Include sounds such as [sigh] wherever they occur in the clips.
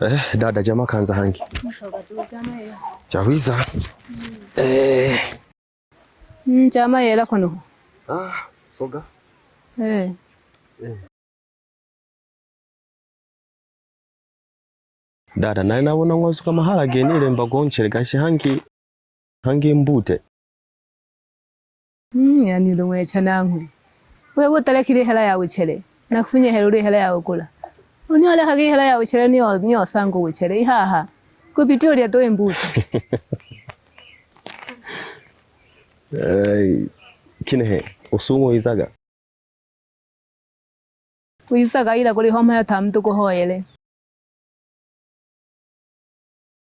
Eh, dada jama kanza hangi chawiza eh. mm. Eh. yela kono ah, soga eh. Eh. dada nali nabona kama mahala genile mbagonchere gashi hangi hangi mbute mm, yanilo mwecha nangu wewe utarekire hela yawe chere nakufunye hela uri hela yawe kula Uniola hakihela ya uchere niyo niyo sangu uchere ihaha. Kupitio lya to imbuto. Ai kinehe usumo izaga. Kuizaga ila kuli homa ya tamtu kuhoyele.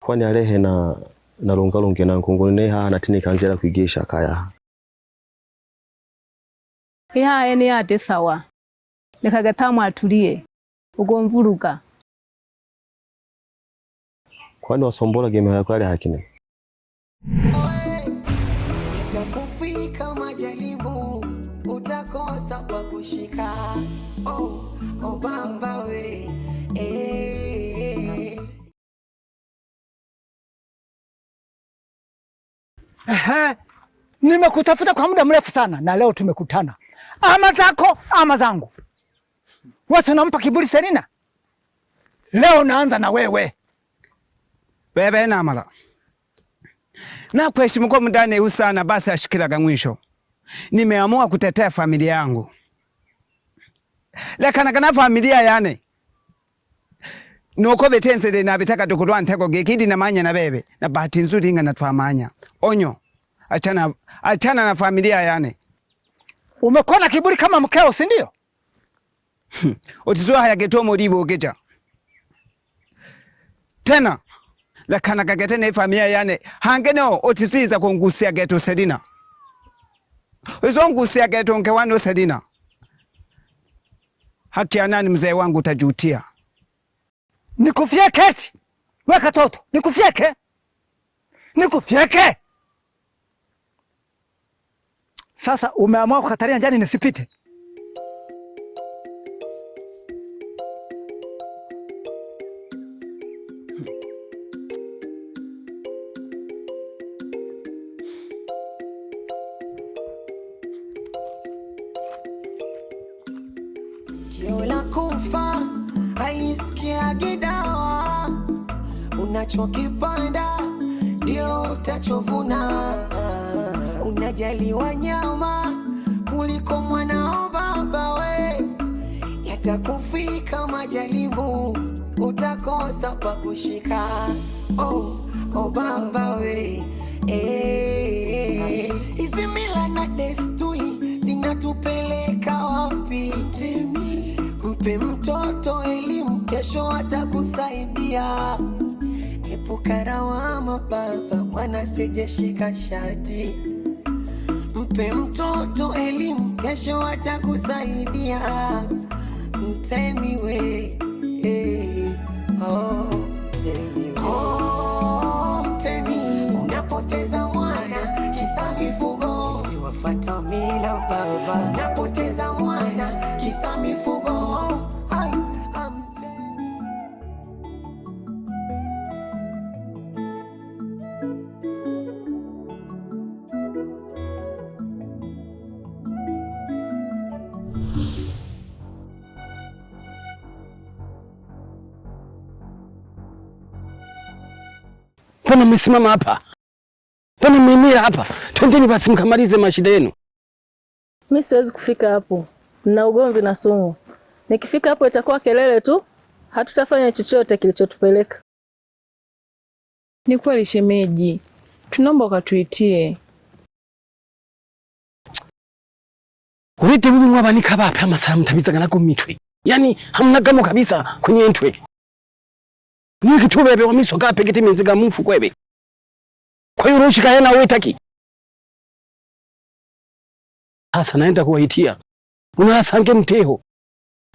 Kwani alehe na na lunga lunge na nkungu neha na tini kanzi la kuigisha kaya. Iha eni ya sawa. Nikagatamwa atulie ugomvuruka kwani wasombola gemela kwale hakine itakufika majaribu utakosa pa kushika oh, obamba oh, we eh, eh. Ehe, nimekutafuta kwa muda mrefu sana na leo tumekutana, ama zako ama zangu. Watu wanampa kiburi Selina. Leo naanza na wewe. Bebe na mala. Na kwa heshima kwa mdani huyu sana basi ashikilaga mwisho. Nimeamua kutetea familia yangu. Lekana kana familia yane. Nuko betense de na bitaka tukulwa ntako gekidi na manya na bebe. Na bahati nzuri inga na twamanya. Onyo. Achana achana na familia yane. Umekuwa na kiburi kama mkeo, si ndio? Hmm. haya geto omoriiba okecha tena la kana kagete ne famia yane hange no otisiza kongusia geto sedina izo ngusia geto nkewano sedina haki ya nani mzee wangu utajutia nikufyeke eti weka toto nikufyeke nikufyeke sasa umeamua kukatalia njani nisipite kipanda ndio utachovuna. Unajali wanyama kuliko mwanao baba we, yatakufika majaribu utakosa pa kushika. Oh, oh baba we eh, hizi hey. Mila na desturi zinatupeleka wapi? Mpe mtoto elimu, kesho atakusaidia. Epuka wa mababa, mwana sijeshika shati. Mpe mtoto elimu, kesho atakusaidia. Mtemi we, hey, oh, mtemi we. mtemi, unapoteza mwana kisa mifugo, siwafata mila baba, unapoteza mwana kisa mifugo Mbona mmesimama hapa? Mbona mmeimia hapa? Twendeni basi mkamalize mashida yenu. Mimi siwezi kufika hapo, na ugomvi na Sumu. Nikifika hapo itakuwa kelele tu, hatutafanya chochote kilichotupeleka. Ni kweli shemeji, tunaomba ukatuitie urite vuli mwavanika mtabizaganako mitwe, yaani hamna gamo kabisa kwenye ntwe mwikitubebe wamiso kapekete minziga mufu kwebe kwayo roshika hena wetaki hasa naenda kuwahitia unasange mteho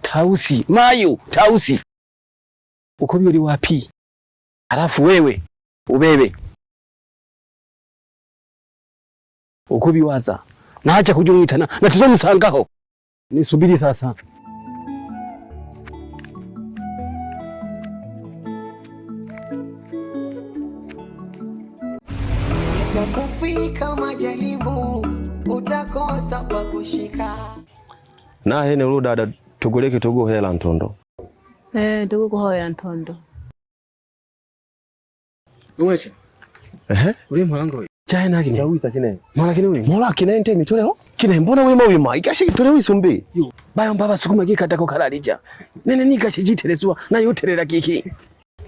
tausi mayu tausi uko uli wapi halafu wewe ubebe waza nahacha kujumwitana na msangaho nisubiri sasa Wika majaribu utakosa pa kushika. nahe ni uludada tuguliki tuguhela ntondo eh tugukuhoya ntondo uweche ehe uri mwanangu na chaye nakine chawisa kine mwala kine we mwala kine ente nte ho kine mbona wema ma ikashi kitoleo isumbi bayo mbaba sukuma gikatako kalalija nene nikashi jitereswa na yoterera kiki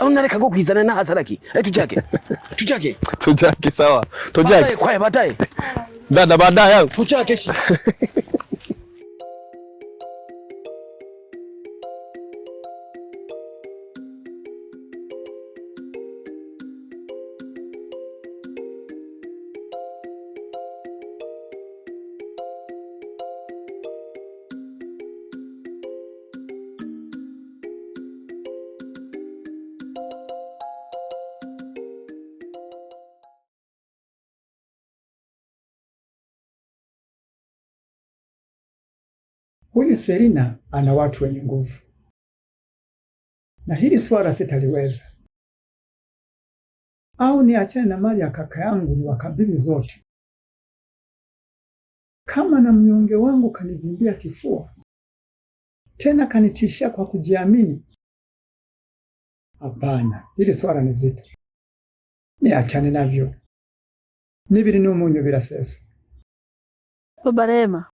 Au nareka go kwizana na hasaraki. Ai eh, tujake. [laughs] Tujake. Tujake sawa. Tujake. Kwaye bataye. Dada baadaye. Tujake shi. [laughs] Huyu Serina ana watu wenye nguvu, na hili swala sitaliweza, au niachane na mali ya kaka yangu niwakabidhi zote. Kama na mnyonge wangu kanivimbia kifua, tena kanitishia kwa kujiamini, hapana, hili swala ni zito, niachane navyo. nivili n'umunyu biraseso Baba Rema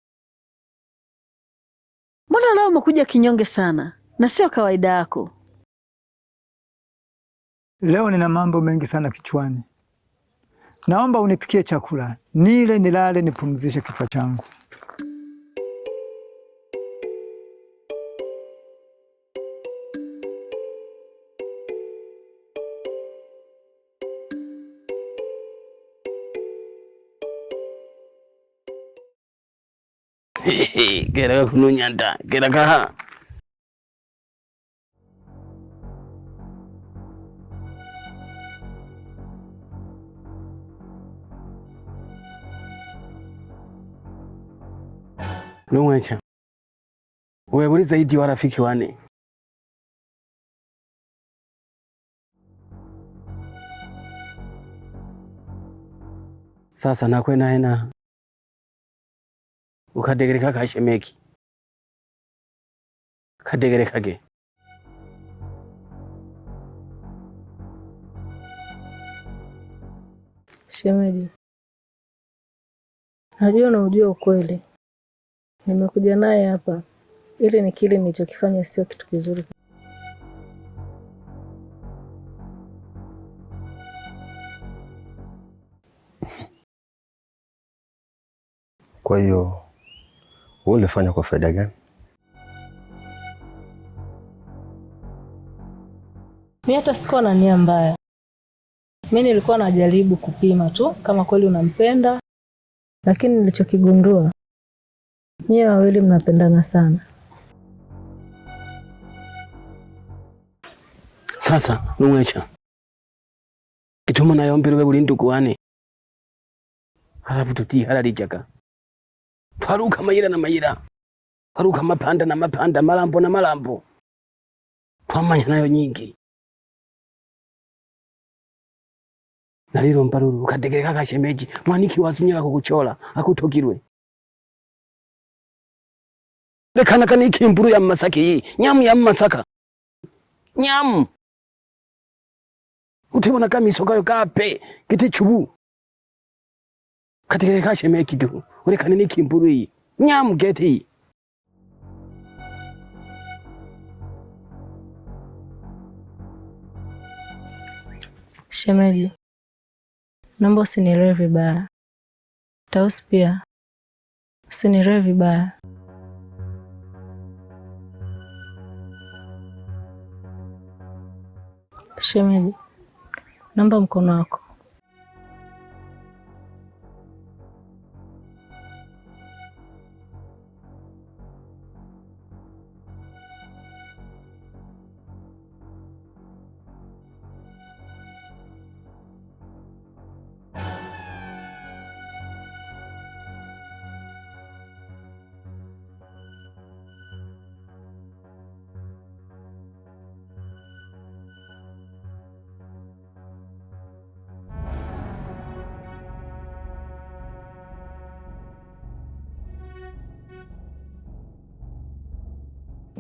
umekuja kinyonge sana na sio kawaida yako. Leo nina mambo mengi sana kichwani, naomba unipikie chakula nile, nilale, nipumzishe kichwa changu. தம்பி கிடக்க குழுஞ்சான்ட்டான் கிடக்கா Lumwecha weuli zaidi wa rafiki wane sasa nakwena ukadegereka ka kadegereka ge shemeji, najua unaujua ukweli. Nimekuja naye hapa ili ni kile nilichokifanya sio kitu kizuri. Kwa hiyo wewe ulifanya kwa faida gani? Mimi hata sikuwa na nia mbaya, mi nilikuwa najaribu kupima tu kama kweli unampenda, lakini nilichokigundua nyewe wawili mnapendana sana. Sasa numwecha kituma nayombile we halafu yaani? tuti halalichaka Paruka mayira na mayira paruka mapanda na mapanda malambo na malambo twamanya nayo nyingi nalilo mbalulu kategereka kashemeji mwaniki wazunyika kukuchola akutogirwe lekanakani mburu ya mmasaki iyi nyamu ya mmasaka nyamu utibona kamiso kape kiti chubu kategereka shemeki du urekana n'ikimburu iyi nyamugeti iyi Shemeji, naomba usinielewe vibaya. Tausi pia usinielewe vibaya. Shemeji, naomba mkono wako.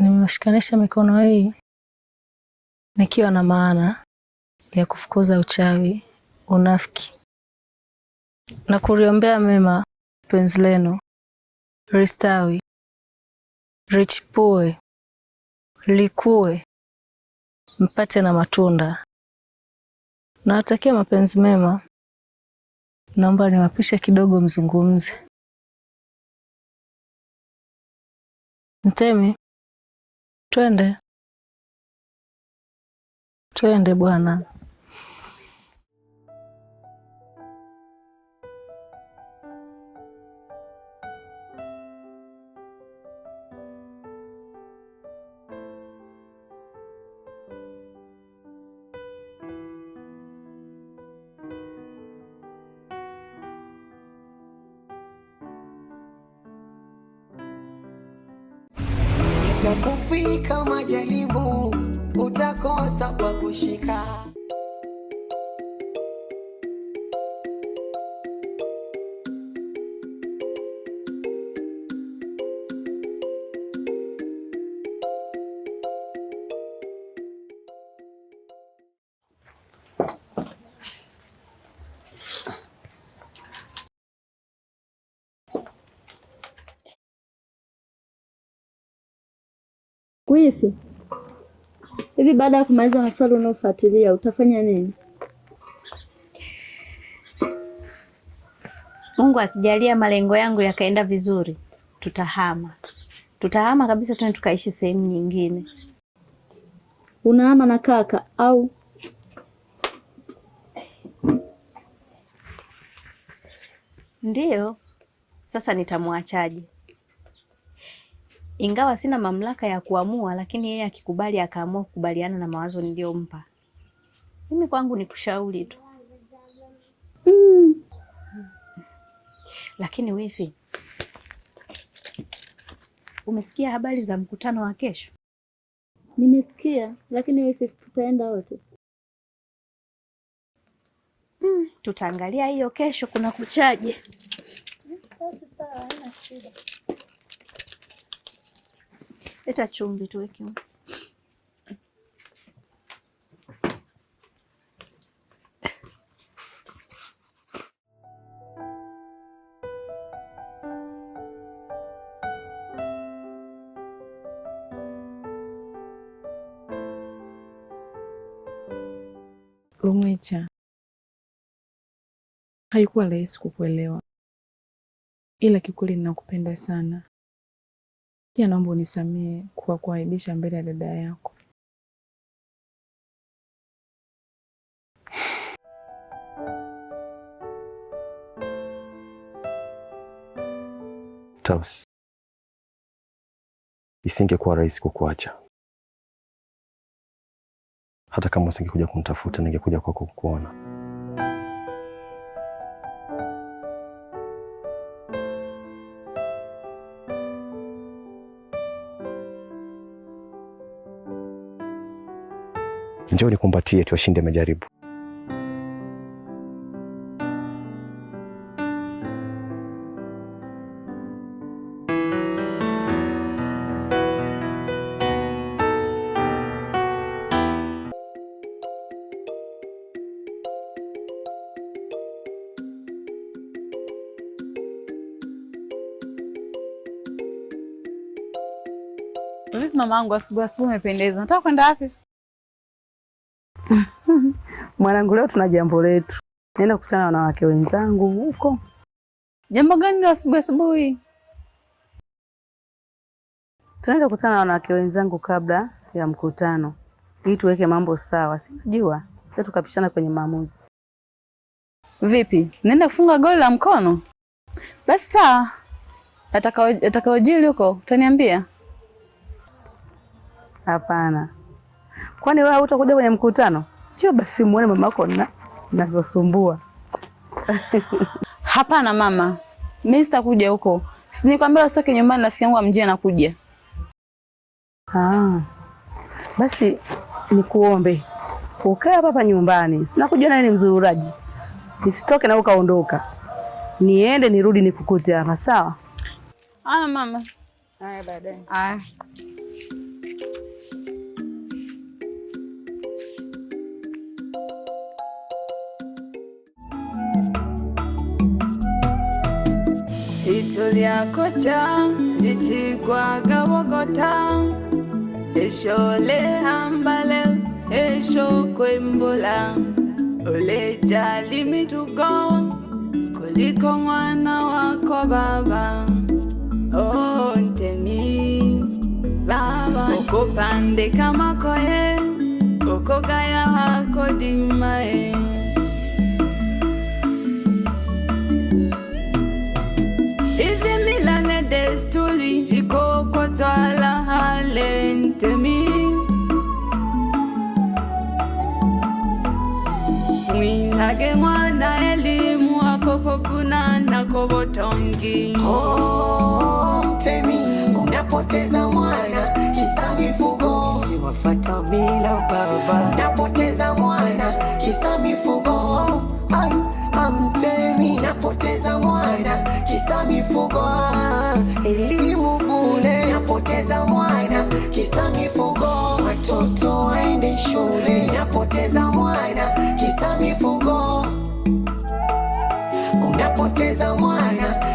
Nimewashikanisha mikono hii nikiwa na maana ya kufukuza uchawi, unafiki na kuliombea mema penzi lenu ristawi richipue likue, mpate na matunda. Nawatakia mapenzi mema. Naomba niwapishe kidogo, mzungumze Mtemi. Twende, twende bwana. kukosa pa kushika. Kuishi Hivi baada ya kumaliza maswali unaofuatilia utafanya nini? Mungu akijalia malengo yangu yakaenda vizuri, tutahama. Tutahama kabisa, tuende tukaishi sehemu nyingine. Unahama na kaka au ndiyo? Sasa nitamwachaje? ingawa sina mamlaka ya kuamua, lakini yeye akikubali akaamua kukubaliana na mawazo niliyompa mimi, kwangu ni kushauri tu mm. Lakini wifi, umesikia habari za mkutano wa kesho? Nimesikia, lakini wifi, tutaenda wote mm. Tutaangalia hiyo kesho kuna kuchaje. Basi sawa, haina shida. Leta chumvi tuweke. Lumwecha, haikuwa rahisi kukuelewa, ila kikweli ninakupenda sana pia naomba unisamehe kwa kuaibisha mbele ya dada yako. Tausi, isingekuwa rahisi kukuacha. Hata kama usingekuja kunitafuta, ningekuja kwako kukuona. Njoo nikumbatie tuwashinde majaribu. Mama wangu, asubuhi asubuhi umependeza. Nataka kwenda wapi? Mwanangu, leo tuna jambo letu, naenda kukutana na wanawake wenzangu huko. Jambo gani la asubuhi asubuhi? Tunaenda kukutana na wanawake wenzangu kabla ya mkutano, ili tuweke mambo sawa, sinajua sasa tukapishana kwenye maamuzi. Vipi, naenda kufunga goli la mkono? Basi sawa, atakaojili huko utaniambia. Hapana, kwani wewe hutakuja kwenye mkutano? Njoo basi muone mamako na navyosumbua. Hapana mama, mimi sitakuja huko. Sinikwambia usitoke nyumbani, rafiki yangu amjia nakuja. Ah. Basi nikuombe ukae hapa nyumbani, sinakuja naye ni mzururaji, nisitoke na ukaondoka, niende nirudi nikukute hapa, sawa? Aya mama, aya baadaye, aya. tulyakotya gawogota esho hambale esho kwembula uleja limitugo kuliko mwana wako baba oh, ntemi baba ukupandika makoye ukugaya hako dimae nako botongi. Oh, mtemi unapoteza mwana kisa mifugo, siwafata bila baba, unapoteza mwana kisa mifugo. Ay, amtemi unapoteza mwana kisa mifugo, elimu bule, unapoteza mwana kisa mifugo, watoto waende shule, unapoteza mwana kisa mifugo napoteza mwana